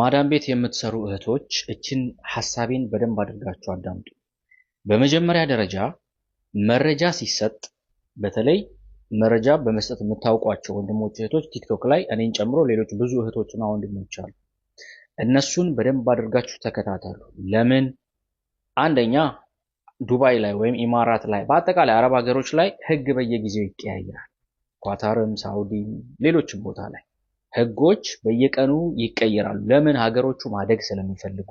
ማዳም ቤት የምትሰሩ እህቶች እችን ሐሳቤን በደንብ አድርጋችሁ አዳምጡ። በመጀመሪያ ደረጃ መረጃ ሲሰጥ በተለይ መረጃ በመስጠት የምታውቋቸው ወንድሞች እህቶች፣ ቲክቶክ ላይ እኔን ጨምሮ ሌሎች ብዙ እህቶችና ወንድሞች አሉ። እነሱን በደንብ አድርጋችሁ ተከታተሉ። ለምን አንደኛ ዱባይ ላይ ወይም ኢማራት ላይ በአጠቃላይ አረብ ሀገሮች ላይ ህግ በየጊዜው ይቀያየራል። ኳታርም፣ ሳውዲም፣ ሌሎችም ቦታ ላይ ህጎች በየቀኑ ይቀየራሉ። ለምን? ሀገሮቹ ማደግ ስለሚፈልጉ፣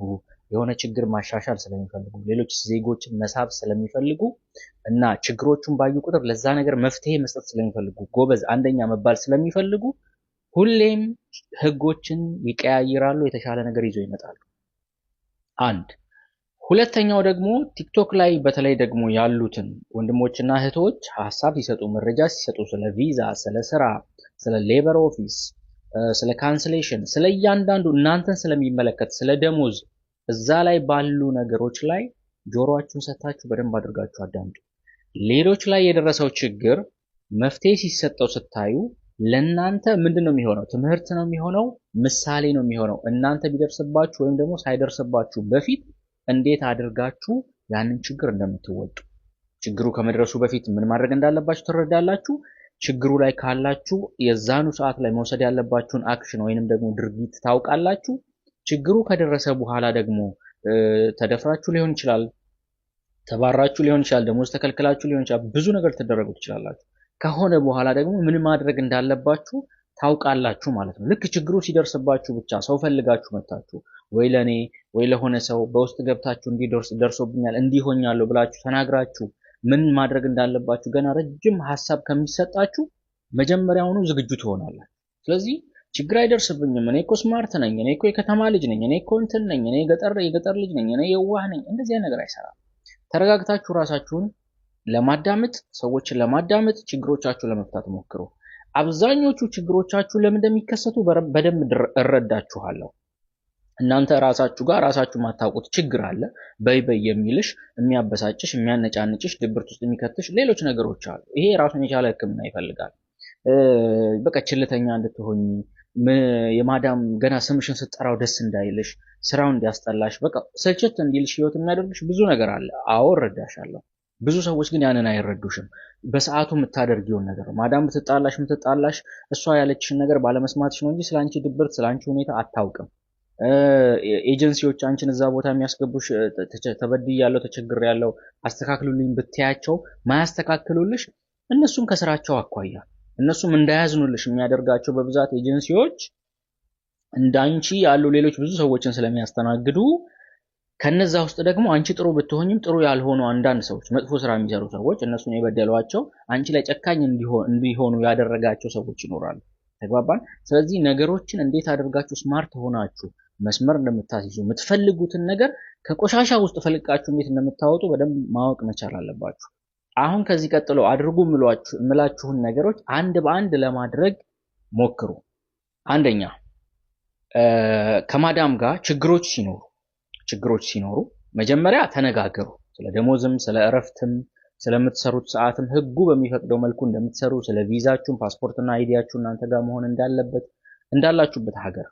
የሆነ ችግር ማሻሻል ስለሚፈልጉ፣ ሌሎች ዜጎችን መሳብ ስለሚፈልጉ እና ችግሮቹን ባዩ ቁጥር ለዛ ነገር መፍትሄ መስጠት ስለሚፈልጉ፣ ጎበዝ አንደኛ መባል ስለሚፈልጉ ሁሌም ህጎችን ይቀያይራሉ። የተሻለ ነገር ይዞ ይመጣሉ። አንድ ሁለተኛው ደግሞ ቲክቶክ ላይ በተለይ ደግሞ ያሉትን ወንድሞችና እህቶች ሀሳብ ሲሰጡ፣ መረጃ ሲሰጡ ስለ ቪዛ፣ ስለ ስራ፣ ስለ ሌበር ኦፊስ ስለ ካንስሌሽን፣ ስለ እያንዳንዱ እናንተን ስለሚመለከት ስለ ደሞዝ እዛ ላይ ባሉ ነገሮች ላይ ጆሮአችሁን ሰታችሁ በደንብ አድርጋችሁ አዳምጡ። ሌሎች ላይ የደረሰው ችግር መፍትሄ ሲሰጠው ስታዩ ለእናንተ ምንድን ነው የሚሆነው? ትምህርት ነው የሚሆነው፣ ምሳሌ ነው የሚሆነው። እናንተ ቢደርስባችሁ ወይም ደግሞ ሳይደርስባችሁ በፊት እንዴት አድርጋችሁ ያንን ችግር እንደምትወጡ ችግሩ ከመድረሱ በፊት ምን ማድረግ እንዳለባችሁ ትረዳላችሁ። ችግሩ ላይ ካላችሁ የዛኑ ሰዓት ላይ መውሰድ ያለባችሁን አክሽን ወይንም ደግሞ ድርጊት ታውቃላችሁ። ችግሩ ከደረሰ በኋላ ደግሞ ተደፍራችሁ ሊሆን ይችላል፣ ተባራችሁ ሊሆን ይችላል፣ ደሞዝ ተከልክላችሁ ሊሆን ይችላል። ብዙ ነገር ትደረጉ ትችላላችሁ። ከሆነ በኋላ ደግሞ ምን ማድረግ እንዳለባችሁ ታውቃላችሁ ማለት ነው። ልክ ችግሩ ሲደርስባችሁ ብቻ ሰው ፈልጋችሁ መታችሁ ወይ ለእኔ ወይ ለሆነ ሰው በውስጥ ገብታችሁ እንዲደርስ ደርሶብኛል እንዲሆኛለሁ ብላችሁ ተናግራችሁ ምን ማድረግ እንዳለባችሁ ገና ረጅም ሀሳብ ከሚሰጣችሁ መጀመሪያውኑ ዝግጁ ትሆናላችሁ። ስለዚህ ችግር አይደርስብኝም፣ እኔ እኮ ስማርት ነኝ፣ እኔ እኮ የከተማ ልጅ ነኝ፣ እኔ እኮ እንትን ነኝ፣ እኔ የገጠር የገጠር ልጅ ነኝ፣ እኔ የዋህ ነኝ፣ እንደዚህ ነገር አይሰራም። ተረጋግታችሁ ራሳችሁን ለማዳመጥ ሰዎችን ለማዳመጥ ችግሮቻችሁ ለመፍታት ሞክሩ። አብዛኞቹ ችግሮቻችሁ ለምን እንደሚከሰቱ በደንብ እረዳችኋለሁ። እናንተ ራሳችሁ ጋር ራሳችሁ ማታውቁት ችግር አለ። በይ በይ የሚልሽ የሚያበሳጭሽ፣ የሚያነጫንጭሽ፣ ድብርት ውስጥ የሚከትሽ ሌሎች ነገሮች አሉ። ይሄ ራሱን የቻለ ሕክምና ይፈልጋል። በቃ ችልተኛ እንድትሆኝ የማዳም ገና ስምሽን ስትጠራው ደስ እንዳይልሽ፣ ስራው እንዲያስጠላሽ፣ በቃ ስልችት እንዲልሽ ህይወት የሚያደርግሽ ብዙ ነገር አለ። አዎ እረዳሻለሁ። ብዙ ሰዎች ግን ያንን አይረዱሽም። በሰዓቱ የምታደርጊውን ነገር ማዳም ብትጣላሽ ምትጣላሽ እሷ ያለችሽን ነገር ባለመስማትሽ ነው እንጂ ስለ አንቺ ድብርት ስለ አንቺ ሁኔታ አታውቅም። ኤጀንሲዎች አንቺን እዛ ቦታ የሚያስገቡሽ ያለው ተቸግር ያለው አስተካክሉልኝ ብትያቸው ማያስተካክሉልሽ እነሱም ከስራቸው አኳያ እነሱም እንዳያዝኑልሽ የሚያደርጋቸው በብዛት ኤጀንሲዎች እንዳንቺ ያሉ ሌሎች ብዙ ሰዎችን ስለሚያስተናግዱ ከነዛ ውስጥ ደግሞ አንቺ ጥሩ ብትሆኝም ጥሩ ያልሆኑ አንዳንድ ሰዎች መጥፎ ስራ የሚሰሩ ሰዎች እነሱን የበደሏቸው አንቺ ላይ ጨካኝ እንዲሆኑ ያደረጋቸው ሰዎች ይኖራሉ። ተግባባን። ስለዚህ ነገሮችን እንዴት አድርጋችሁ ስማርት ሆናችሁ መስመር እንደምታስይዙ የምትፈልጉትን ነገር ከቆሻሻ ውስጥ ፈልቃችሁ እንዴት እንደምታወጡ በደንብ ማወቅ መቻል አለባችሁ። አሁን ከዚህ ቀጥሎ አድርጉ የምላችሁን ነገሮች አንድ በአንድ ለማድረግ ሞክሩ። አንደኛ ከማዳም ጋር ችግሮች ሲኖሩ ችግሮች ሲኖሩ መጀመሪያ ተነጋገሩ። ስለ ደሞዝም፣ ስለ እረፍትም፣ ስለምትሰሩት ሰዓትም ህጉ በሚፈቅደው መልኩ እንደምትሰሩ፣ ስለ ቪዛችሁም ፓስፖርትና አይዲያችሁ እናንተ ጋር መሆን እንዳለበት እንዳላችሁበት ሀገር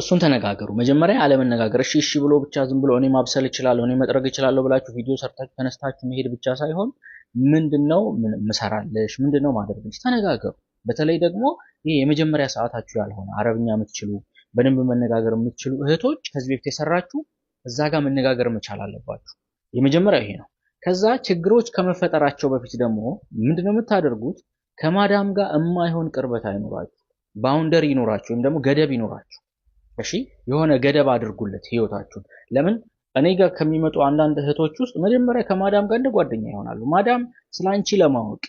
እሱን ተነጋገሩ። መጀመሪያ አለመነጋገር እሺ እሺ ብሎ ብቻ ዝም ብሎ እኔ ማብሰል እችላለሁ እኔ መጥረግ እችላለሁ ብላችሁ ቪዲዮ ሰርታችሁ ተነስታችሁ መሄድ ብቻ ሳይሆን ምንድነው ምሰራለሽ፣ ምንድነው ማደርግልሽ፣ ተነጋገሩ። በተለይ ደግሞ ይሄ የመጀመሪያ ሰዓታችሁ ያልሆነ አረብኛ የምትችሉ በደንብ መነጋገር የምትችሉ እህቶች ከዚህ በፊት የሰራችሁ እዛ ጋር መነጋገር መቻል አለባችሁ። የመጀመሪያው ይሄ ነው። ከዛ ችግሮች ከመፈጠራቸው በፊት ደግሞ ምንድነው የምታደርጉት? ከማዳም ጋር የማይሆን ቅርበት አይኖራችሁ፣ ባውንደሪ ይኖራችሁ፣ ወይም ደግሞ ገደብ ይኖራችሁ። እሺ የሆነ ገደብ አድርጉለት ህይወታችሁን። ለምን እኔ ጋር ከሚመጡ አንዳንድ እህቶች ውስጥ መጀመሪያ ከማዳም ጋር እንደ ጓደኛ ይሆናሉ። ማዳም ስለ አንቺ ለማወቅ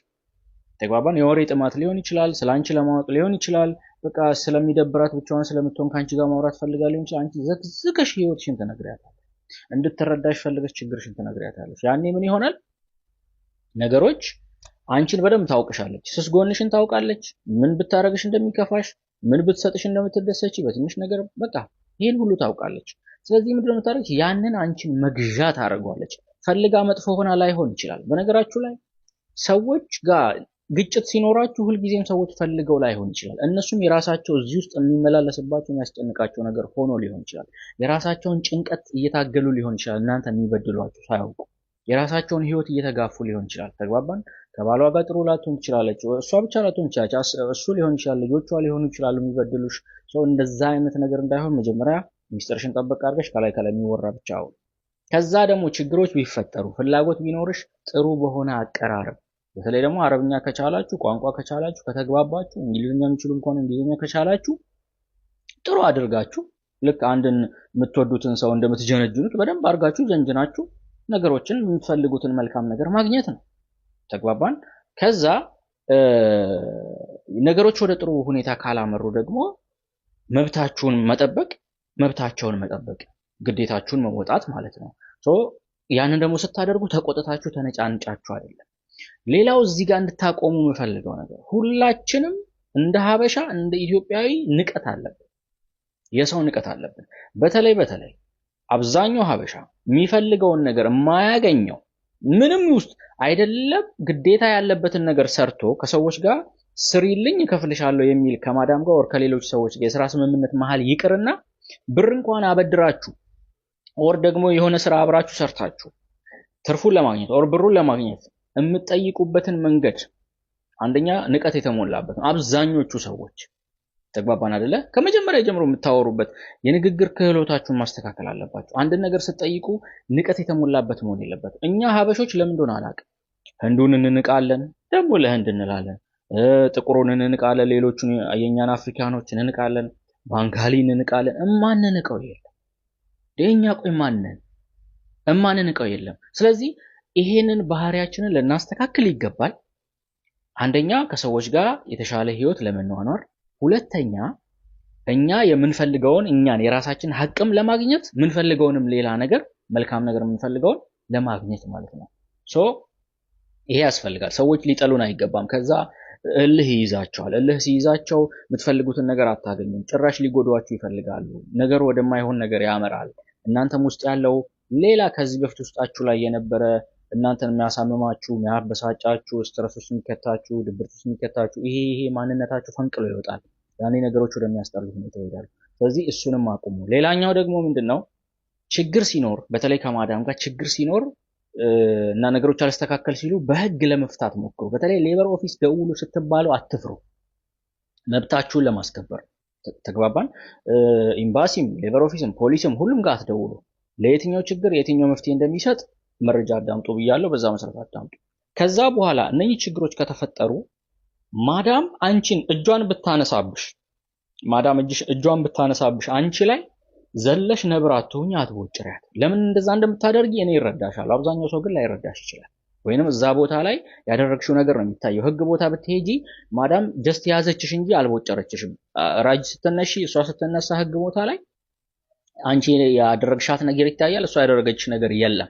ተግባባን። የወሬ ጥማት ሊሆን ይችላል፣ ስለ አንቺ ለማወቅ ሊሆን ይችላል። በቃ ስለሚደብራት ብቻዋን ስለምትሆን ከአንቺ ጋር ማውራት ፈልጋ ሊሆን ይችላል። አንቺ ዘቅዝቀሽ ህይወትሽን ትነግሪያታለሽ፣ እንድትረዳሽ ፈልገሽ ችግርሽን ትነግሪያታለሽ። ያኔ ምን ይሆናል? ነገሮች አንቺን በደንብ ታውቅሻለች። ስስ ጎንሽን ታውቃለች። ምን ብታረግሽ እንደሚከፋሽ ምን ብትሰጥሽ እንደምትደሰች በትንሽ ነገር በቃ ይህን ሁሉ ታውቃለች። ስለዚህ ምንድን ነው የምታደርግ? ያንን አንቺን መግዣ ታደርገዋለች። ፈልጋ መጥፎ ሆና ላይሆን ይችላል። በነገራችሁ ላይ ሰዎች ጋር ግጭት ሲኖራችሁ ሁልጊዜም ሰዎች ፈልገው ላይሆን ይችላል። እነሱም የራሳቸው እዚህ ውስጥ የሚመላለስባቸው የሚያስጨንቃቸው ነገር ሆኖ ሊሆን ይችላል። የራሳቸውን ጭንቀት እየታገሉ ሊሆን ይችላል። እናንተ የሚበድሏቸው ሳያውቁ የራሳቸውን ህይወት እየተጋፉ ሊሆን ይችላል። ተግባባን። ከባሏ ጋር ጥሩ ላትሆን ትችላለች። እሷ ብቻ ላትሆን ትችላለች። እሱ ሊሆን ይችላል፣ ልጆቿ ሊሆኑ ይችላሉ የሚበድሉሽ ሰው። እንደዛ አይነት ነገር እንዳይሆን መጀመሪያ ሚስጥርሽን ጠበቅ አድርገሽ ከላይ ከላይ የሚወራ ብቻ አሁን። ከዛ ደግሞ ችግሮች ቢፈጠሩ ፍላጎት ቢኖርሽ ጥሩ በሆነ አቀራረብ፣ በተለይ ደግሞ አረብኛ ከቻላችሁ ቋንቋ ከቻላችሁ ከተግባባችሁ፣ እንግሊዝኛ የሚችሉ ከሆነ እንግሊዝኛ ከቻላችሁ ጥሩ አድርጋችሁ ልክ አንድን የምትወዱትን ሰው እንደምትጀነጅኑት በደንብ አድርጋችሁ ጀንጅናችሁ ነገሮችን የምትፈልጉትን መልካም ነገር ማግኘት ነው። ተግባባን። ከዛ ነገሮች ወደ ጥሩ ሁኔታ ካላመሩ ደግሞ መብታችሁን መጠበቅ መብታቸውን መጠበቅ ግዴታችሁን መወጣት ማለት ነው። ያንን ደግሞ ስታደርጉ ተቆጥታችሁ ተነጫንጫችሁ አይደለም። ሌላው እዚህ ጋር እንድታቆሙ የምፈልገው ነገር ሁላችንም እንደ ሀበሻ እንደ ኢትዮጵያዊ ንቀት አለብን፣ የሰው ንቀት አለብን። በተለይ በተለይ አብዛኛው ሀበሻ የሚፈልገውን ነገር የማያገኘው ምንም ውስጥ አይደለም ግዴታ ያለበትን ነገር ሰርቶ ከሰዎች ጋር ስሪልኝ እከፍልሻለሁ የሚል ከማዳም ጋር ወር ከሌሎች ሰዎች የስራ ስምምነት መሀል ይቅርና ብር እንኳን አበድራችሁ ወር ደግሞ የሆነ ስራ አብራችሁ ሰርታችሁ ትርፉን ለማግኘት ወር ብሩን ለማግኘት የምትጠይቁበትን መንገድ አንደኛ ንቀት የተሞላበት ነው አብዛኞቹ ሰዎች ተግባባን አይደለ? ከመጀመሪያ ጀምሮ የምታወሩበት የንግግር ክህሎታችሁን ማስተካከል አለባችሁ። አንድን ነገር ስትጠይቁ ንቀት የተሞላበት መሆን የለበትም። እኛ ሀበሾች ለምን እንደሆነ ህንዱን እንንቃለን፣ ደግሞ ለህንድ እንላለን፣ ጥቁሩን እንንቃለን፣ ሌሎቹን የእኛን አፍሪካኖች እንንቃለን፣ ባንጋሊ እንንቃለን። እማንንቀው የለም የእኛ ቆይ ማንን እማንንቀው የለም። ስለዚህ ይሄንን ባህሪያችንን ልናስተካክል ይገባል። አንደኛ ከሰዎች ጋር የተሻለ ህይወት ለመኗኗር ሁለተኛ እኛ የምንፈልገውን እኛን የራሳችን ሀቅም ለማግኘት ምንፈልገውንም ሌላ ነገር መልካም ነገር የምንፈልገውን ለማግኘት ማለት ነው። ሶ ይሄ ያስፈልጋል። ሰዎች ሊጠሉን አይገባም። ከዛ እልህ ይይዛቸዋል። እልህ ሲይዛቸው የምትፈልጉትን ነገር አታገኙም። ጭራሽ ሊጎዷችሁ ይፈልጋሉ። ነገር ወደማይሆን ነገር ያመራል። እናንተም ውስጥ ያለው ሌላ ከዚህ በፊት ውስጣችሁ ላይ የነበረ እናንተን የሚያሳምማችሁ የሚያበሳጫችሁ፣ ስትረስ ውስጥ የሚከታችሁ፣ ድብርት ውስጥ የሚከታችሁ ይሄ ይሄ ማንነታችሁ ፈንቅሎ ይወጣል። ያኔ ነገሮች ወደሚያስጠሉ ሁኔታ ይሄዳሉ። ስለዚህ እሱንም አቁሙ። ሌላኛው ደግሞ ምንድን ነው ችግር ሲኖር በተለይ ከማዳም ጋር ችግር ሲኖር እና ነገሮች አልስተካከል ሲሉ በህግ ለመፍታት ሞክሩ። በተለይ ሌበር ኦፊስ ደውሉ ስትባሉ አትፍሩ፣ መብታችሁን ለማስከበር ተግባባን። ኤምባሲም፣ ሌበር ኦፊስም፣ ፖሊስም ሁሉም ጋር አትደውሉ። ለየትኛው ችግር የትኛው መፍትሄ እንደሚሰጥ መረጃ አዳምጡ ብያለሁ። በዛ መሰረት አዳምጡ። ከዛ በኋላ እነኚህ ችግሮች ከተፈጠሩ ማዳም አንቺን እጇን ብታነሳብሽ ማዳም እጇን ብታነሳብሽ አንቺ ላይ ዘለሽ ነብር አትሁኝ አትቦጭሪያት። ለምን እንደዛ እንደምታደርጊ እኔ ይረዳሻል። አብዛኛው ሰው ግን ላይረዳሽ ይችላል። ወይንም እዛ ቦታ ላይ ያደረግሽው ነገር ነው የሚታየው። ህግ ቦታ ብትሄጂ ማዳም ጀስት ያዘችሽ እንጂ አልቦጨረችሽም። ራጅ ስትነሺ፣ እሷ ስትነሳ ህግ ቦታ ላይ አንቺ ያደረግሻት ነገር ይታያል። እሷ ያደረገችሽ ነገር የለም።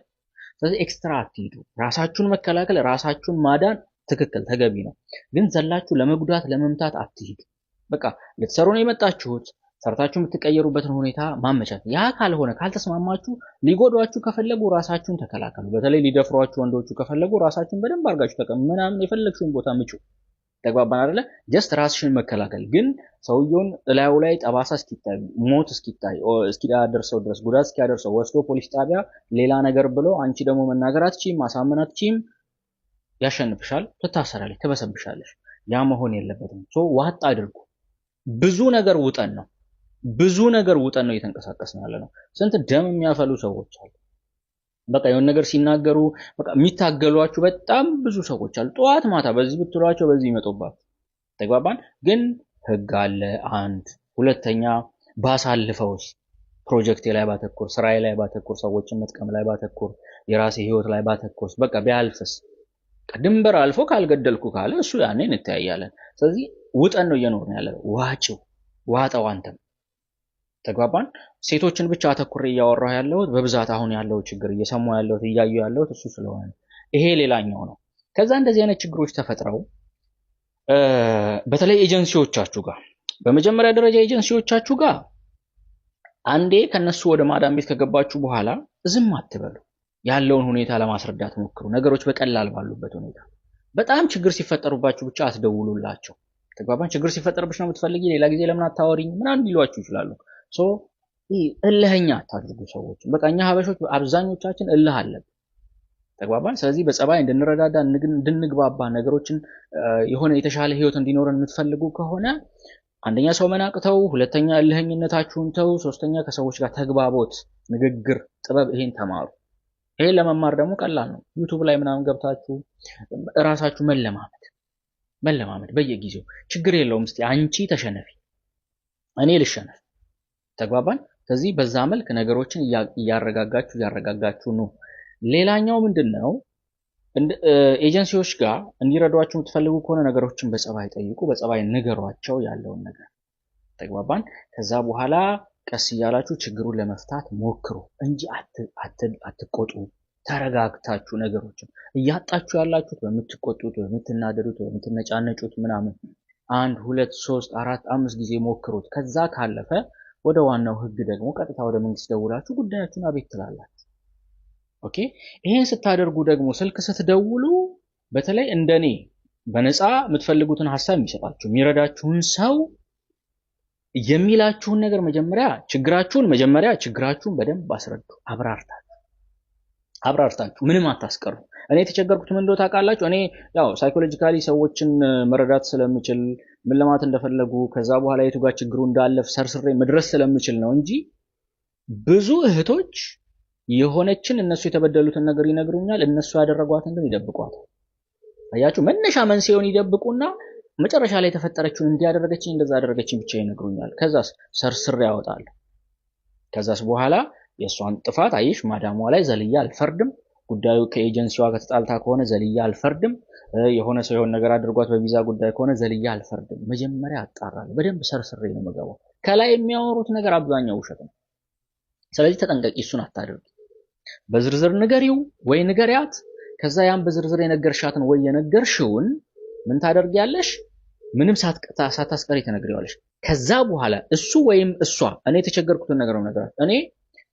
ስለዚህ ኤክስትራ አትሂዱ። ራሳችሁን መከላከል፣ ራሳችሁን ማዳን ትክክል ተገቢ ነው። ግን ዘላችሁ ለመጉዳት ለመምታት አትሂዱ። በቃ ልትሰሩ ነው የመጣችሁት። ሰርታችሁ የምትቀየሩበትን ሁኔታ ማመቻት። ያ ካልሆነ ካልተስማማችሁ፣ ሊጎዷችሁ ከፈለጉ ራሳችሁን ተከላከሉ። በተለይ ሊደፍሯችሁ ወንዶቹ ከፈለጉ ራሳችሁን በደንብ አድርጋችሁ ተቀም ምናምን የፈለግሽውን ቦታ ምጩ። ተግባባን አይደለ? ጀስት ራስሽን መከላከል ግን ሰውየውን እላዩ ላይ ጠባሳ እስኪታይ ሞት እስኪታይ እስኪያደርሰው ድረስ ጉዳት እስኪያደርሰው ወስዶ ፖሊስ ጣቢያ ሌላ ነገር ብሎ አንቺ ደግሞ መናገር አትችም፣ ማሳመን አትችም። ያሸንፍሻል፣ ትታሰራለች፣ ትበሰብሻለች። ያ መሆን የለበትም። ሶ ዋጥ አድርጉ። ብዙ ነገር ውጠን ነው ብዙ ነገር ውጠን ነው እየተንቀሳቀስን ያለ ነው። ስንት ደም የሚያፈሉ ሰዎች አሉ። በቃ የሆነ ነገር ሲናገሩ በቃ የሚታገሏችሁ በጣም ብዙ ሰዎች አሉ። ጠዋት ማታ በዚህ ብትሏቸው በዚህ ይመጡባት። ተግባባን። ግን ህግ አለ አንድ። ሁለተኛ ባሳልፈውስ ፕሮጀክቴ ላይ ባተኩር፣ ስራዬ ላይ ባተኩር፣ ሰዎችን መጥቀም ላይ ባተኩር፣ የራሴ ህይወት ላይ ባተኩርስ፣ በቃ ቢያልፍስ፣ ድንበር አልፎ ካልገደልኩ ካለ እሱ ያኔ እንተያያለን። ስለዚህ ውጠን ነው እየኖርን ያለ ዋጭው ዋጠው አንተም ተግባባን። ሴቶችን ብቻ አተኩሬ እያወራሁ ያለሁት በብዛት አሁን ያለው ችግር እየሰሙ ያለሁት እያዩ ያለሁት እሱ ስለሆነ ይሄ ሌላኛው ነው። ከዛ እንደዚህ አይነት ችግሮች ተፈጥረው በተለይ ኤጀንሲዎቻችሁ ጋር በመጀመሪያ ደረጃ ኤጀንሲዎቻችሁ ጋር አንዴ ከነሱ ወደ ማዳም ቤት ከገባችሁ በኋላ ዝም አትበሉ። ያለውን ሁኔታ ለማስረዳት ሞክሩ። ነገሮች በቀላል ባሉበት ሁኔታ በጣም ችግር ሲፈጠሩባችሁ ብቻ አትደውሉላቸው። ተግባባን። ችግር ሲፈጠርብሽ ነው የምትፈልጊ፣ ሌላ ጊዜ ለምን አታወሪኝ ምናምን ሊሏችሁ ይችላሉ። ሶ እልህኛ አታድርጉ ሰዎች። በቃ እኛ ሀበሾች አብዛኞቻችን እልህ አለብን። ተግባባን። ስለዚህ በጸባይ እንድንረዳዳ እንድንግባባ፣ ነገሮችን የሆነ የተሻለ ህይወት እንዲኖረን የምትፈልጉ ከሆነ አንደኛ ሰው መናቅተው፣ ሁለተኛ እልህኝነታችሁን ተው፣ ሶስተኛ ከሰዎች ጋር ተግባቦት፣ ንግግር፣ ጥበብ ይሄን ተማሩ። ይሄን ለመማር ደግሞ ቀላል ነው። ዩቱብ ላይ ምናምን ገብታችሁ እራሳችሁ መለማመድ መለማመድ በየጊዜው ችግር የለውም። እስኪ አንቺ ተሸነፊ፣ እኔ ልሸነፍ ተግባባን። ከዚህ በዛ መልክ ነገሮችን እያረጋጋችሁ እያረጋጋችሁ ነው። ሌላኛው ምንድን ነው? ኤጀንሲዎች ጋር እንዲረዷችሁ የምትፈልጉ ከሆነ ነገሮችን በጸባይ ጠይቁ፣ በጸባይ ንገሯቸው ያለውን ነገር ተግባባን። ከዛ በኋላ ቀስ እያላችሁ ችግሩን ለመፍታት ሞክሩ እንጂ አትቆጡ። ተረጋግታችሁ ነገሮችን እያጣችሁ ያላችሁት በምትቆጡት፣ በምትናደዱት፣ በምትነጫነጩት ምናምን አንድ ሁለት ሶስት አራት አምስት ጊዜ ሞክሩት። ከዛ ካለፈ ወደ ዋናው ህግ ደግሞ ቀጥታ ወደ መንግስት ደውላችሁ ጉዳያችሁን አቤት ትላላችሁ። ኦኬ። ይሄን ስታደርጉ ደግሞ ስልክ ስትደውሉ በተለይ እንደኔ በነፃ የምትፈልጉትን ሀሳብ የሚሰጣችሁ የሚረዳችሁን ሰው የሚላችሁን ነገር መጀመሪያ ችግራችሁን መጀመሪያ ችግራችሁን በደንብ አስረዱ። አብራርታችሁ አብራርታችሁ ምንም አታስቀሩ። እኔ የተቸገርኩት ምን እንደሆነ ታውቃላችሁ። እኔ ያው ሳይኮሎጂካሊ ሰዎችን መረዳት ስለምችል ምን ለማለት እንደፈለጉ ከዛ በኋላ የቱ ጋር ችግሩ እንዳለፍ ሰርስሬ መድረስ ስለምችል ነው እንጂ ብዙ እህቶች የሆነችን እነሱ የተበደሉትን ነገር ይነግሩኛል፣ እነሱ ያደረጓትን ግን ይደብቋታል። አያችሁ፣ መነሻ መንስኤውን ይደብቁና መጨረሻ ላይ የተፈጠረችውን እንዲያደረገችኝ እንደዛ አደረገችኝ ብቻ ይነግሩኛል። ከዛስ ሰርስሬ ያወጣል። ከዛስ በኋላ የእሷን ጥፋት አይሽ ማዳሟ ላይ ዘልያ አልፈርድም ጉዳዩ ከኤጀንሲዋ ከተጣልታ ከሆነ ዘልያ አልፈርድም። የሆነ ሰው የሆነ ነገር አድርጓት በቪዛ ጉዳይ ከሆነ ዘልያ አልፈርድም። መጀመሪያ አጣራለሁ። በደንብ ሰርስሬ ነው የምገባው። ከላይ የሚያወሩት ነገር አብዛኛው ውሸት ነው። ስለዚህ ተጠንቀቂ፣ እሱን አታድርጊ። በዝርዝር ንገሪው ወይ ንገሪያት። ከዛ ያን በዝርዝር የነገርሻትን ወይ የነገርሽውን ምን ታደርጊያለሽ? ምንም ሳታስቀሪ ተነግሪዋለሽ። ከዛ በኋላ እሱ ወይም እሷ እኔ የተቸገርኩትን ነገር ነው ነገራት እኔ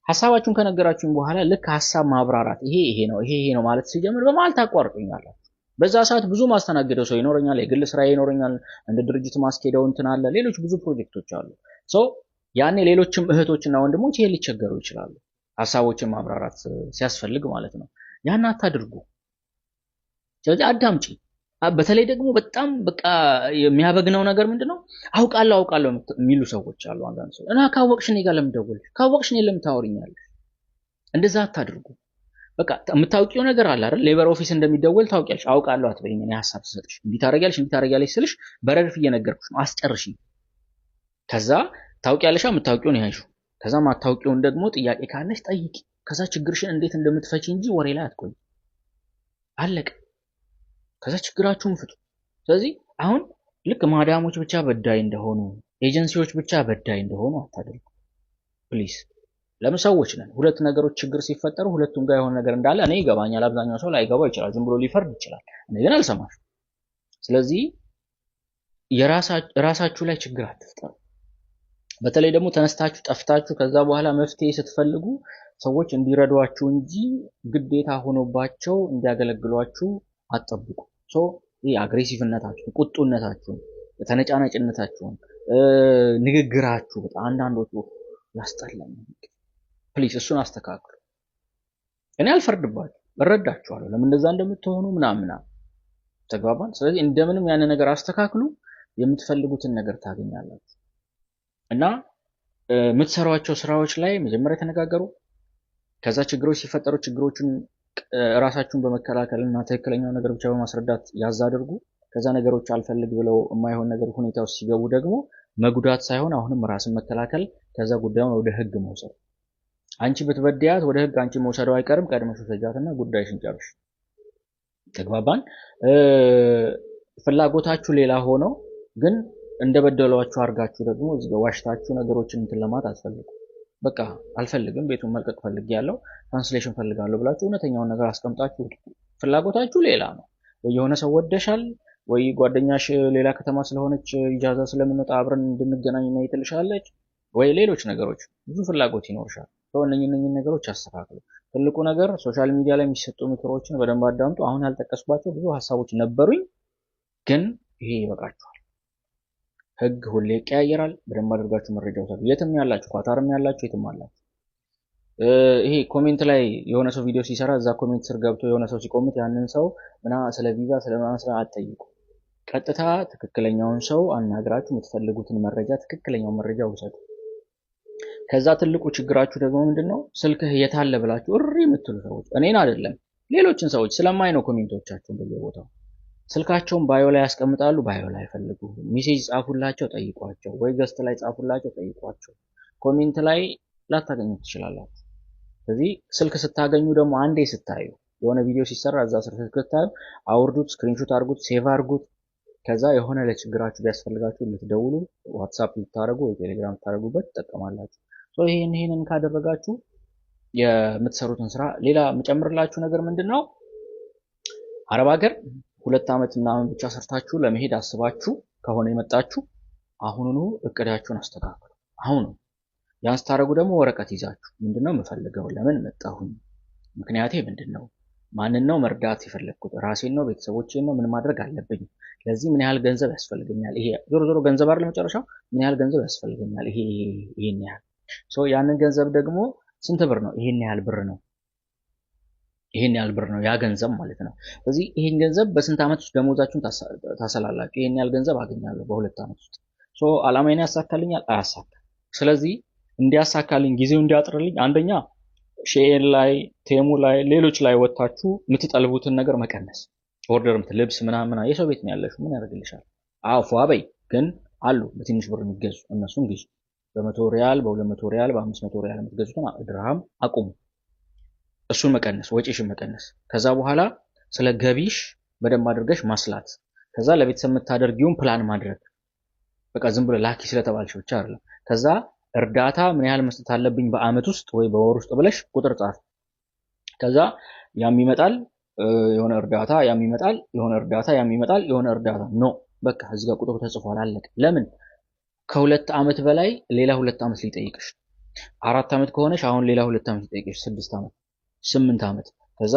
ሀሳባችሁን ከነገራችሁን በኋላ ልክ ሀሳብ ማብራራት ይሄ ይሄ ነው ይሄ ይሄ ነው ማለት ሲጀምር በመሀል ታቋርጡኛላችሁ። በዛ ሰዓት ብዙ ማስተናገደው ሰው ይኖረኛል፣ የግል ስራ ይኖረኛል፣ እንደ ድርጅት ማስኬደው እንትን አለ፣ ሌሎች ብዙ ፕሮጀክቶች አሉ። ሶ ያኔ ሌሎችም እህቶችና ወንድሞች ይሄ ሊቸገሩ ይችላሉ፣ ሀሳቦችን ማብራራት ሲያስፈልግ ማለት ነው። ያን አታድርጉ። ስለዚህ አዳምጪ። በተለይ ደግሞ በጣም በቃ የሚያበግነው ነገር ምንድነው? አውቃለሁ አውቃለሁ የሚሉ ሰዎች አሉ። አንዳንድ ሰው እና ካወቅሽ እኔ ጋር ለምን ደወልሽ? ካወቅሽ እኔ ለምን እንደዛ አታድርጉ። በቃ የምታውቂው ነገር አለ አይደል? ሌበር ኦፊስ እንደሚደወል ታውቂያለሽ። አውቃለሁ አትበይኝ። እኔ ሀሳብ ስሰጥሽ እንዲህ ታደርጊያለሽ ስልሽ በረድፍ እየነገርኩሽ ነው። አስጨርሽ ከዛ ታውቂያለሽ፣ የምታውቂውን ያይሹ። ከዛ ማታውቂውን ደግሞ ጥያቄ ካለሽ ጠይቂ። ከዛ ችግርሽን እንዴት እንደምትፈች እንጂ ወሬ ላይ አትቆይ። አለቀ። ከዛ ችግራችሁን ፍቱ። ስለዚህ አሁን ልክ ማዳሞች ብቻ በዳይ እንደሆኑ ኤጀንሲዎች ብቻ በዳይ እንደሆኑ አታደርጉ ፕሊዝ። ለምን ሰዎች ነን። ሁለት ነገሮች ችግር ሲፈጠሩ ሁለቱም ጋር የሆነ ነገር እንዳለ እኔ ይገባኛል። አብዛኛው ሰው ላይገባው ይችላል፣ ዝም ብሎ ሊፈርድ ይችላል። እኔ ግን አልሰማሽ። ስለዚህ ራሳችሁ ላይ ችግር አትፍጠሩ። በተለይ ደግሞ ተነስታችሁ ጠፍታችሁ ከዛ በኋላ መፍትሄ ስትፈልጉ ሰዎች እንዲረዷችሁ እንጂ ግዴታ ሆኖባቸው እንዲያገለግሏችሁ አትጠብቁ። ይህ አግሬሲቭነታችሁን፣ ቁጡነታችሁን፣ ተነጫናጭነታችሁን፣ ንግግራችሁ በጣም አንዳንዶቹ ያስጠላል። ፕሊስ እሱን አስተካክሉ። እኔ አልፈርድባችሁ፣ እረዳችኋለሁ ለምን እንደዛ እንደምትሆኑ ምናምና ተግባባን። ስለዚህ እንደምንም ያንን ነገር አስተካክሉ፣ የምትፈልጉትን ነገር ታገኛላችሁ። እና የምትሰሯቸው ስራዎች ላይ መጀመሪያ ተነጋገሩ። ከዛ ችግሮች ሲፈጠሩ ችግሮቹን ራሳችሁን በመከላከል እና ትክክለኛው ነገር ብቻ በማስረዳት ያዝ አድርጉ። ከዛ ነገሮች አልፈልግ ብለው የማይሆን ነገር ሁኔታ ውስጥ ሲገቡ ደግሞ መጉዳት ሳይሆን አሁንም ራስን መከላከል፣ ከዛ ጉዳዩን ወደ ህግ መውሰድ። አንቺ ብትበድያት ወደ ህግ አንቺ መውሰደው አይቀርም። ቀድመሽ እና ጉዳይሽን ጨርሽ። ተግባባን። ፍላጎታችሁ ሌላ ሆነው ግን እንደበደሏችሁ አድርጋችሁ ደግሞ ዋሽታችሁ ነገሮችን እንትን ለማት አስፈልጉ በቃ አልፈልግም፣ ቤቱን መልቀቅ ፈልግ ያለው ትራንስሌሽን ፈልጋለሁ ብላችሁ እውነተኛውን ነገር አስቀምጣችሁ ፍላጎታችሁ ሌላ ነው። ወይ የሆነ ሰው ወደሻል፣ ወይ ጓደኛሽ ሌላ ከተማ ስለሆነች ኢጃዛ ስለምንወጣ አብረን እንድንገናኝ ነው ትልሻለች፣ ወይ ሌሎች ነገሮች ብዙ ፍላጎት ይኖርሻል። እነኝህን ነገሮች አስተካክሉ። ትልቁ ነገር ሶሻል ሚዲያ ላይ የሚሰጡ ምክሮችን በደንብ አዳምጡ። አሁን ያልጠቀስኳቸው ብዙ ሀሳቦች ነበሩኝ፣ ግን ይሄ ይበቃችኋል። ህግ ሁሌ ይቀያየራል። በደንብ አድርጋችሁ መረጃ ውሰዱ። የትም ያላችሁ ኳታርም ያላችሁ የትም አላችሁ። ይሄ ኮሜንት ላይ የሆነ ሰው ቪዲዮ ሲሰራ እዛ ኮሜንት ስር ገብቶ የሆነ ሰው ሲቆምት ያንን ሰው ምና ስለ ቪዛ ስለ ስራ አትጠይቁ። ቀጥታ ትክክለኛውን ሰው አናግራችሁ የምትፈልጉትን መረጃ ትክክለኛው መረጃ ውሰዱ። ከዛ ትልቁ ችግራችሁ ደግሞ ምንድን ነው? ስልክህ የታለ ብላችሁ እሪ የምትሉ ሰዎች እኔን አይደለም ሌሎችን ሰዎች ስለማይ ነው ኮሜንቶቻችሁን በየቦታው ስልካቸውን ባዮ ላይ ያስቀምጣሉ። ባዮ ላይ ፈልጉ። ሚሴጅ ጻፉላቸው፣ ጠይቋቸው። ወይ ገስት ላይ ጻፉላቸው፣ ጠይቋቸው። ኮሜንት ላይ ላታገኙ ትችላላችሁ። ስለዚህ ስልክ ስታገኙ ደግሞ አንዴ ስታዩ የሆነ ቪዲዮ ሲሰራ እዛ ስልክ ስታዩ አውርዱት፣ ስክሪንሾት አድርጉት፣ ሴቭ አድርጉት። ከዛ የሆነ ለችግራችሁ ቢያስፈልጋችሁ ልትደውሉ ዋትሳፕ ልታደረጉ ወይ ቴሌግራም ልታደረጉበት ትጠቀማላችሁ። ይህን ይህንን ካደረጋችሁ የምትሰሩትን ስራ ሌላ የምጨምርላችሁ ነገር ምንድን ነው አረብ ሀገር ሁለት ዓመት ምናምን ብቻ ሰርታችሁ ለመሄድ አስባችሁ ከሆነ የመጣችሁ አሁኑኑ እቅዳችሁን አስተካክሉ። አሁኑ ያን ስታደርጉ ደግሞ ወረቀት ይዛችሁ ምንድነው የምፈልገው? ለምን መጣሁኝ? ምክንያቴ ምንድን ነው? ማንን ነው መርዳት የፈለግኩት? ራሴን ነው? ቤተሰቦቼን ነው? ምን ማድረግ አለብኝ? ለዚህ ምን ያህል ገንዘብ ያስፈልገኛል? ይሄ ዞሮ ዞሮ ገንዘብ አይደል መጨረሻው? ምን ያህል ገንዘብ ያስፈልገኛል? ይሄ ይሄን ያህል ያንን ገንዘብ ደግሞ ስንት ብር ነው? ይሄን ያህል ብር ነው ይሄን ያህል ብር ነው ያ ገንዘብ ማለት ነው። ስለዚህ ይሄን ገንዘብ በስንት ዓመት ውስጥ ደሞዛችሁን ታሰላላችሁ። ይሄን ያህል ገንዘብ አገኛለሁ በሁለት ዓመት ውስጥ ሶ አላማዬን ያሳካልኛል አያሳካ። ስለዚህ እንዲያሳካልኝ ጊዜው እንዲያጥርልኝ አንደኛ ሼን ላይ ቴሙ ላይ ሌሎች ላይ ወጥታችሁ የምትጠልቡትን ነገር መቀነስ ኦርደር ምት ልብስ ምናምን የሰው ቤት ነው ያለሽ ምን ያደርግልሻል? አፏ በይ ግን አሉ በትንሽ ብር የሚገዙ እነሱን ግዙ። በመቶ ሪያል በሁለት መቶ ሪያል በአምስት መቶ ሪያል የምትገዙትን ድርሃም አቁሙ። እሱን መቀነስ፣ ወጪሽን መቀነስ። ከዛ በኋላ ስለ ገቢሽ በደንብ አድርገሽ ማስላት። ከዛ ለቤተሰብ የምታደርጊውን ፕላን ማድረግ። በቃ ዝም ብለ ላኪ ስለተባልሽ ብቻ አይደለም። ከዛ እርዳታ ምን ያህል መስጠት አለብኝ በአመት ውስጥ ወይ በወር ውስጥ ብለሽ ቁጥር ጻፍ። ከዛ ያም ይመጣል የሆነ እርዳታ፣ ያም ይመጣል የሆነ እርዳታ፣ ያም ይመጣል የሆነ እርዳታ። ኖ በቃ እዚህ ጋር ቁጥሩ ተጽፏል፣ አለቀ። ለምን ከሁለት አመት በላይ ሌላ ሁለት አመት ሊጠይቅሽ፣ አራት አመት ከሆነሽ አሁን ሌላ ሁለት አመት ሊጠይቅሽ፣ ስድስት አመት ስምንት ዓመት ከዛ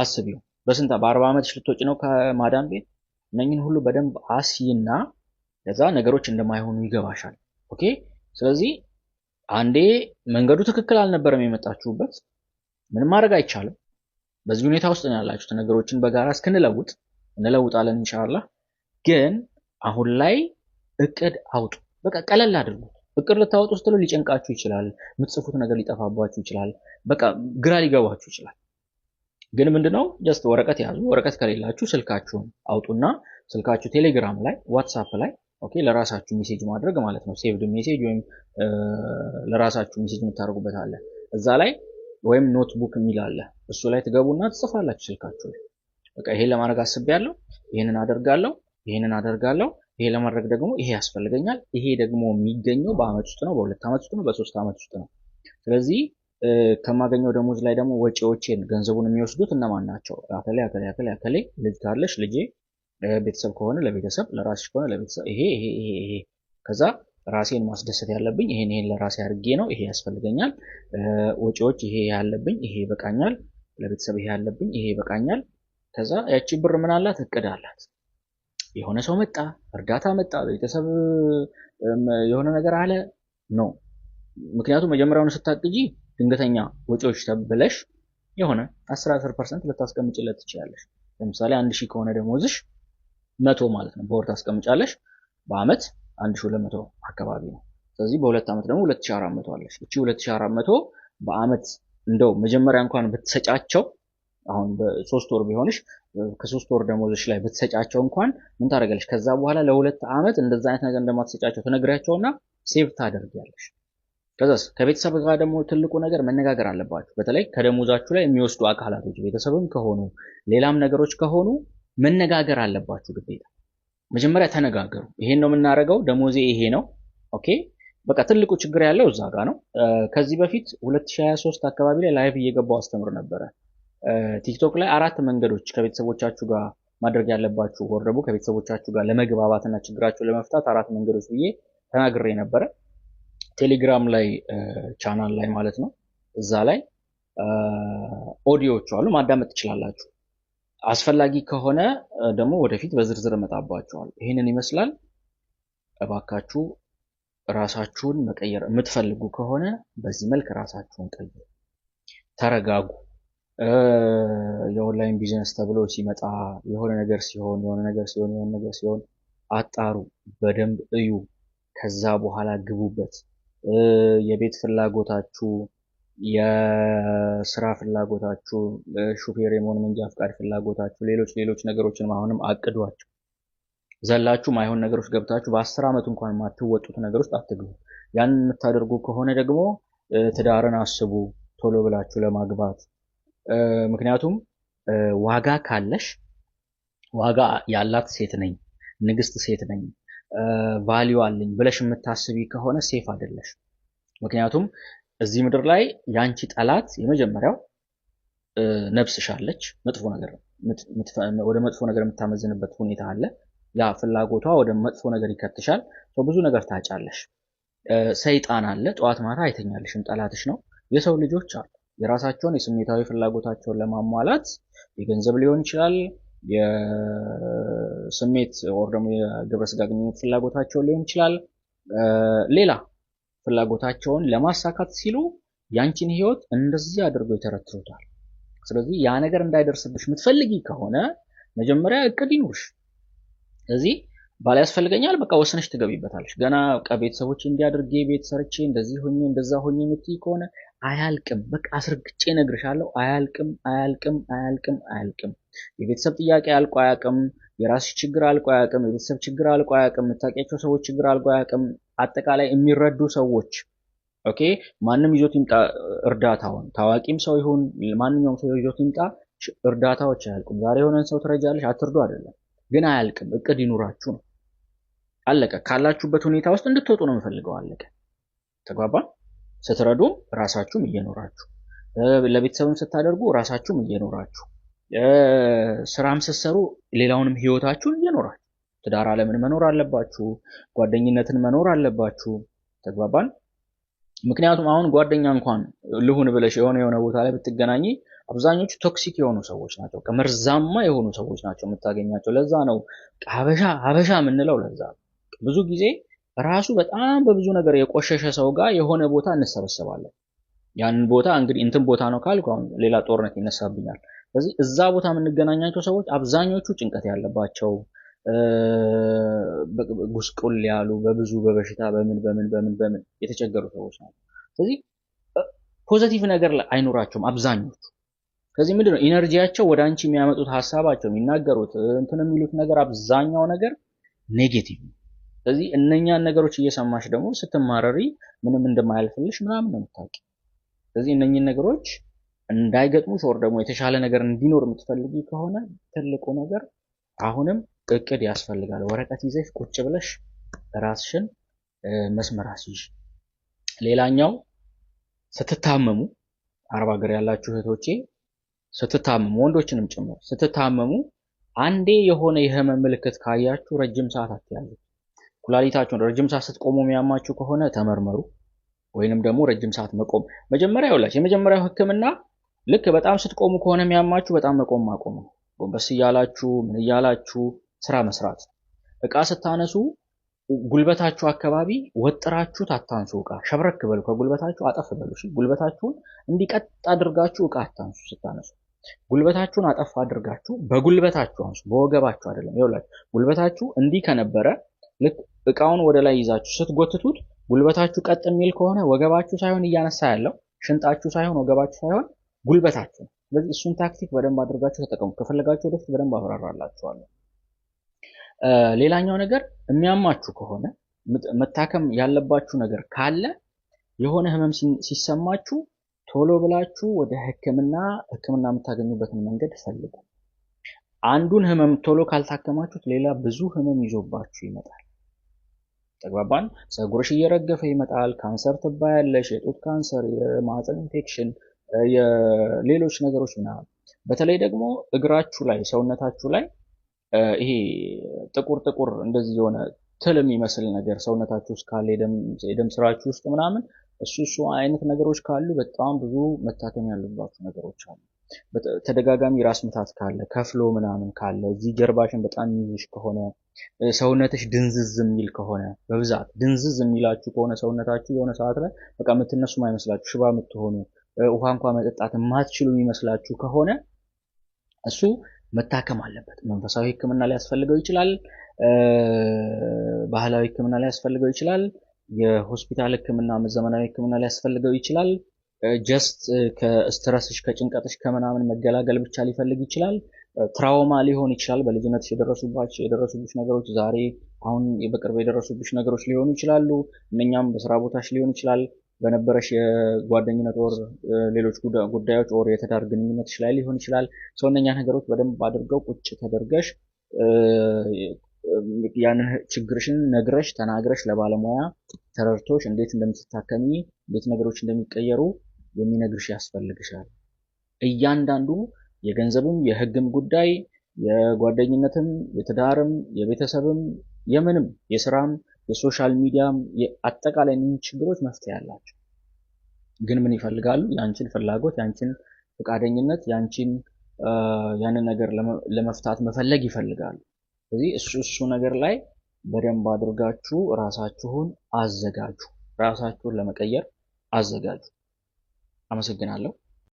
አስቢው በስንት በአርባ ዓመት ልትወጪ ነው ከማዳም ቤት። እነኝን ሁሉ በደንብ አስይና ከዛ ነገሮች እንደማይሆኑ ይገባሻል። ኦኬ። ስለዚህ አንዴ መንገዱ ትክክል አልነበረም የመጣችሁበት፣ ምንም ማድረግ አይቻልም። በዚህ ሁኔታ ውስጥ ነው ያላችሁት። ነገሮችን በጋራ እስክንለውጥ እንለውጣለን። እንሻላ። ግን አሁን ላይ እቅድ አውጡ። በቃ ቀለል አድርጉት። እቅድ ልታወጡ ስትሉ ሊጨንቃችሁ ይችላል። የምትጽፉት ነገር ሊጠፋባችሁ ይችላል። በቃ ግራ ሊገባችሁ ይችላል። ግን ምንድነው ጀስት ወረቀት ያዙ። ወረቀት ከሌላችሁ ስልካችሁን አውጡና ስልካችሁ ቴሌግራም ላይ ዋትሳፕ ላይ ኦኬ፣ ለራሳችሁ ሜሴጅ ማድረግ ማለት ነው። ሴቭድ ሜሴጅ ወይም ለራሳችሁ ሜሴጅ የምታደርጉበት አለ እዛ ላይ ወይም ኖትቡክ የሚል አለ እሱ ላይ ትገቡና ትጽፋላችሁ ስልካችሁ ላይ በቃ ይሄን ለማድረግ አስቤያለሁ፣ ይሄንን አደርጋለሁ፣ ይሄንን አደርጋለሁ ይሄ ለማድረግ ደግሞ ይሄ ያስፈልገኛል። ይሄ ደግሞ የሚገኘው በአመት ውስጥ ነው፣ በሁለት አመት ውስጥ ነው፣ በሶስት አመት ውስጥ ነው። ስለዚህ ከማገኘው ደሞዝ ላይ ደግሞ ወጪዎቼን ገንዘቡን የሚወስዱት እነማን ናቸው? አከሌ አከሌ አከሌ አከሌ፣ ልጅ ካለሽ ልጄ፣ ቤተሰብ ከሆነ ለቤተሰብ፣ ለራስሽ ከሆነ ለቤተሰብ። ይሄ ይሄ ይሄ ይሄ ከዛ ራሴን ማስደሰት ያለብኝ ይሄን ይሄን ለራሴ አድርጌ ነው። ይሄ ያስፈልገኛል። ወጪዎች ይሄ ያለብኝ፣ ይሄ ይበቃኛል። ለቤተሰብ ይሄ ያለብኝ፣ ይሄ ይበቃኛል። ከዛ ያቺ ብር ምን አላት? እቅድ አላት። የሆነ ሰው መጣ፣ እርዳታ መጣ፣ ቤተሰብ የሆነ ነገር አለ ነው። ምክንያቱም መጀመሪያውን ስታቅጂ ድንገተኛ ወጪዎች ተብለሽ የሆነ 10 ፐርሰንት ልታስቀምጭለት ትችላለሽ። ለምሳሌ አንድ ሺህ ከሆነ ደሞዝሽ መቶ ማለት ነው በወር ታስቀምጫለሽ። በአመት አንድ ሺህ ሁለት አካባቢ ነው። ስለዚህ በሁለት ዓመት ደግሞ ሁለት ሺህ አራት መቶ አለሽ። እቺ ሁለት አራት መቶ በአመት እንደው መጀመሪያ እንኳን ብትሰጫቸው አሁን በሶስት ወር ቢሆንሽ ከሶስት ወር ደሞዝሽ ላይ ብትሰጫቸው እንኳን ምን ታደርጋለሽ? ከዛ በኋላ ለሁለት ዓመት እንደዛ አይነት ነገር እንደማትሰጫቸው ትነግሪያቸውና ሴቭ ታደርጊያለሽ። ከዛስ ከቤተሰብ ጋር ደግሞ ትልቁ ነገር መነጋገር አለባችሁ። በተለይ ከደሞዛችሁ ላይ የሚወስዱ አካላቶች ቤተሰብም ከሆኑ ሌላም ነገሮች ከሆኑ መነጋገር አለባችሁ ግዴታ። መጀመሪያ ተነጋገሩ። ይሄን ነው የምናደርገው፣ ደሞዜ ይሄ ነው። ኦኬ በቃ ትልቁ ችግር ያለው እዛ ጋር ነው። ከዚህ በፊት 2023 አካባቢ ላይ ላይቭ እየገባው አስተምር ነበረ። ቲክቶክ ላይ አራት መንገዶች ከቤተሰቦቻችሁ ጋር ማድረግ ያለባችሁ ወረቡ ከቤተሰቦቻችሁ ጋር ለመግባባትና ችግራችሁ ለመፍታት አራት መንገዶች ብዬ ተናግሬ ነበረ። ቴሌግራም ላይ ቻናል ላይ ማለት ነው። እዛ ላይ ኦዲዮዎቹ አሉ ማዳመጥ ትችላላችሁ። አስፈላጊ ከሆነ ደግሞ ወደፊት በዝርዝር እመጣባቸዋል። ይህንን ይመስላል። እባካችሁ ራሳችሁን መቀየር የምትፈልጉ ከሆነ በዚህ መልክ ራሳችሁን ቀይሩ። ተረጋጉ። የኦንላይን ቢዝነስ ተብሎ ሲመጣ የሆነ ነገር ሲሆን የሆነ ነገር ሲሆን የሆነ ነገር ሲሆን አጣሩ፣ በደንብ እዩ፣ ከዛ በኋላ ግቡበት። የቤት ፍላጎታችሁ፣ የስራ ፍላጎታችሁ፣ ሹፌር የመሆን መንጃ ፍቃድ ፍላጎታችሁ፣ ሌሎች ሌሎች ነገሮችን አሁንም አቅዷቸው ዘላችሁ ማይሆን ነገሮች ገብታችሁ በአስር ዓመት እንኳን የማትወጡት ነገር ውስጥ አትግቡ። ያንን የምታደርጉ ከሆነ ደግሞ ትዳርን አስቡ ቶሎ ብላችሁ ለማግባት ምክንያቱም ዋጋ ካለሽ ዋጋ ያላት ሴት ነኝ፣ ንግስት ሴት ነኝ፣ ቫሊዩ አለኝ ብለሽ የምታስቢ ከሆነ ሴፍ አይደለሽ። ምክንያቱም እዚህ ምድር ላይ የአንቺ ጠላት የመጀመሪያው ነብስሻለች። መጥፎ ነገር ወደ መጥፎ ነገር የምታመዝንበት ሁኔታ አለ። ያ ፍላጎቷ ወደ መጥፎ ነገር ይከትሻል። ብዙ ነገር ታጫለሽ። ሰይጣን አለ። ጠዋት ማታ አይተኛልሽም። ጠላትሽ ነው። የሰው ልጆች አሉ። የራሳቸውን የስሜታዊ ፍላጎታቸውን ለማሟላት የገንዘብ ሊሆን ይችላል፣ የስሜት ወር ደግሞ የግብረ ስጋ ግንኙነት ፍላጎታቸውን ሊሆን ይችላል። ሌላ ፍላጎታቸውን ለማሳካት ሲሉ ያንቺን ህይወት እንደዚህ አድርገው ይተረትሩታል። ስለዚህ ያ ነገር እንዳይደርስብሽ የምትፈልጊ ከሆነ መጀመሪያ እቅድ ይኑርሽ። ስለዚህ ባላ ያስፈልገኛል፣ በቃ ወስነሽ ትገቢበታለሽ። ገና ቤተሰቦች እንዲያደርግ ቤት ሰርቼ እንደዚህ ሆኜ እንደዛ ሆኜ የምትይ ከሆነ አያልቅም። በቃ አስረግጬ እነግርሻለሁ። አያልቅም፣ አያልቅም፣ አያልቅም፣ አያልቅም። የቤተሰብ ጥያቄ አልቆ አያውቅም። የራስሽ ችግር አልቆ አያውቅም። የቤተሰብ ችግር አልቆ አያውቅም። የምታውቂያቸው ሰዎች ችግር አልቆ አያውቅም። አጠቃላይ የሚረዱ ሰዎች ኦኬ። ማንም ይዞት ይምጣ እርዳታውን፣ ታዋቂም ሰው ይሁን ማንኛውም ሰው ይዞት ይምጣ፣ እርዳታዎች አያልቁም። ዛሬ የሆነን ሰው ትረጃለሽ፣ አትርዱ አይደለም ግን አያልቅም። እቅድ ይኑራችሁ ነው። አለቀ። ካላችሁበት ሁኔታ ውስጥ እንድትወጡ ነው የምፈልገው። አለቀ። ተግባባን። ስትረዱም ራሳችሁም እየኖራችሁ፣ ለቤተሰብም ስታደርጉ ራሳችሁም እየኖራችሁ፣ ስራም ስትሰሩ ሌላውንም ህይወታችሁን እየኖራችሁ፣ ትዳር አለምን መኖር አለባችሁ፣ ጓደኝነትን መኖር አለባችሁ። ተግባባን። ምክንያቱም አሁን ጓደኛ እንኳን ልሁን ብለሽ የሆነ የሆነ ቦታ ላይ ብትገናኝ አብዛኞቹ ቶክሲክ የሆኑ ሰዎች ናቸው፣ መርዛማ የሆኑ ሰዎች ናቸው የምታገኛቸው። ለዛ ነው ሀበሻ ሀበሻ የምንለው። ለዛ ብዙ ጊዜ ራሱ በጣም በብዙ ነገር የቆሸሸ ሰው ጋር የሆነ ቦታ እንሰበሰባለን። ያንን ቦታ እንግዲህ እንትን ቦታ ነው ካልኩ አሁን ሌላ ጦርነት ይነሳብኛል። ስለዚህ እዛ ቦታ የምንገናኛቸው ሰዎች አብዛኞቹ ጭንቀት ያለባቸው ጉስቁል ያሉ በብዙ በበሽታ በምን በምን በምን በምን የተቸገሩ ሰዎች ናቸው። ስለዚህ ፖዘቲቭ ነገር አይኖራቸውም አብዛኞቹ። ከዚህ ምንድን ነው ኢነርጂያቸው ወደ አንቺ የሚያመጡት ሀሳባቸው፣ የሚናገሩት እንትን የሚሉት ነገር አብዛኛው ነገር ኔጌቲቭ ነው። ስለዚህ እነኛን ነገሮች እየሰማሽ ደግሞ ስትማረሪ ምንም እንደማያልፍልሽ ምናምን ነው የምታውቂ። ስለዚህ እነኚህን ነገሮች እንዳይገጥሙሽ ወር ደግሞ የተሻለ ነገር እንዲኖር የምትፈልጊ ከሆነ ትልቁ ነገር አሁንም እቅድ ያስፈልጋል። ወረቀት ይዘሽ ቁጭ ብለሽ ራስሽን መስመር አስይሽ። ሌላኛው ስትታመሙ አረብ ሀገር ያላችሁ እህቶቼ ስትታመሙ ወንዶችንም ጭምር ስትታመሙ አንዴ የሆነ የህመም ምልክት ካያችሁ ረጅም ሰዓት አትያዙት። ኩላሊታችሁን ረጅም ሰዓት ስትቆሙ የሚያማችሁ ከሆነ ተመርመሩ፣ ወይንም ደግሞ ረጅም ሰዓት መቆም መጀመሪያ ይውላች የመጀመሪያው ህክምና ልክ በጣም ስትቆሙ ከሆነ የሚያማችሁ በጣም መቆም ማቆም ነው። ጎንበስ እያላችሁ ምን እያላችሁ ስራ መስራት። እቃ ስታነሱ ጉልበታችሁ አካባቢ ወጥራችሁ ታታንሱ እቃ ሸብረክ በሉ፣ ከጉልበታችሁ አጠፍ በሉ። ጉልበታችሁን እንዲቀጥ አድርጋችሁ እቃ አታንሱ ስታነሱ። ጉልበታችሁን አጠፍ አድርጋችሁ በጉልበታችሁ አንሱ፣ በወገባችሁ አይደለም። ይውላችሁ ጉልበታችሁ እንዲህ ከነበረ ልክ እቃውን ወደ ላይ ይዛችሁ ስትጎትቱት ጉልበታችሁ ቀጥ የሚል ከሆነ ወገባችሁ ሳይሆን እያነሳ ያለው ሽንጣችሁ ሳይሆን ወገባችሁ ሳይሆን ጉልበታችሁ ነው። ስለዚህ እሱን ታክቲክ በደንብ አድርጋችሁ ተጠቀሙ። ከፈለጋችሁ ወደፊት በደንብ አብራራላችኋለሁ። ሌላኛው ነገር የሚያማችሁ ከሆነ መታከም ያለባችሁ ነገር ካለ የሆነ ህመም ሲሰማችሁ ቶሎ ብላችሁ ወደ ህክምና ህክምና የምታገኙበትን መንገድ ፈልጉ። አንዱን ህመም ቶሎ ካልታከማችሁት ሌላ ብዙ ህመም ይዞባችሁ ይመጣል። ተግባባን። ፀጉርሽ እየረገፈ ይመጣል። ካንሰር ትባያለሽ። የጡት ካንሰር፣ የማህፀን ኢንፌክሽን፣ የሌሎች ነገሮች ምናምን። በተለይ ደግሞ እግራችሁ ላይ ሰውነታችሁ ላይ ይሄ ጥቁር ጥቁር እንደዚህ የሆነ ትል የሚመስል ነገር ሰውነታችሁ ውስጥ ካለ የደም ስራችሁ ውስጥ ምናምን እሱ እሱ አይነት ነገሮች ካሉ በጣም ብዙ መታከም ያሉባችሁ ነገሮች አሉ። ተደጋጋሚ ራስ ምታት ካለ ከፍሎ ምናምን ካለ እዚህ ጀርባሽን በጣም የሚይዝሽ ከሆነ ሰውነትሽ ድንዝዝ የሚል ከሆነ በብዛት ድንዝዝ የሚላችሁ ከሆነ ሰውነታችሁ የሆነ ሰዓት ላይ በቃ የምትነሱም አይመስላችሁ ሽባ የምትሆኑ ውሃ እንኳ መጠጣት የማትችሉ የሚመስላችሁ ከሆነ እሱ መታከም አለበት። መንፈሳዊ ሕክምና ሊያስፈልገው ይችላል። ባህላዊ ሕክምና ሊያስፈልገው ይችላል። የሆስፒታል ሕክምና፣ ዘመናዊ ሕክምና ሊያስፈልገው ይችላል። ጀስት ከስትረስሽ ከጭንቀትሽ ከምናምን መገላገል ብቻ ሊፈልግ ይችላል። ትራውማ ሊሆን ይችላል። በልጅነትሽ የደረሱባቸው የደረሱብሽ ነገሮች ዛሬ አሁን በቅርብ የደረሱብሽ ነገሮች ሊሆኑ ይችላሉ። እነኛም በስራ ቦታሽ ሊሆን ይችላል። በነበረሽ የጓደኝነት ወር ሌሎች ጉዳዮች ወር የትዳር ግንኙነትሽ ላይ ሊሆን ይችላል። ሰው እነኛ ነገሮች በደንብ አድርገው ቁጭ ተደርገሽ ያንን ችግርሽን ነግረሽ ተናግረሽ ለባለሙያ ተረድቶሽ እንዴት እንደምትታከሚ እንዴት ነገሮች እንደሚቀየሩ የሚነግርሽ ያስፈልግሻል። እያንዳንዱ የገንዘብም የህግም ጉዳይ የጓደኝነትም፣ የትዳርም፣ የቤተሰብም፣ የምንም፣ የስራም፣ የሶሻል ሚዲያም አጠቃላይ ምን ችግሮች መፍትሄ አላቸው። ግን ምን ይፈልጋሉ? ያንቺን ፍላጎት፣ ያንቺን ፈቃደኝነት፣ ያንቺን ያንን ነገር ለመፍታት መፈለግ ይፈልጋሉ። ስለዚህ እሱ እሱ ነገር ላይ በደንብ አድርጋችሁ ራሳችሁን አዘጋጁ። ራሳችሁን ለመቀየር አዘጋጁ። vamos a llenarlo.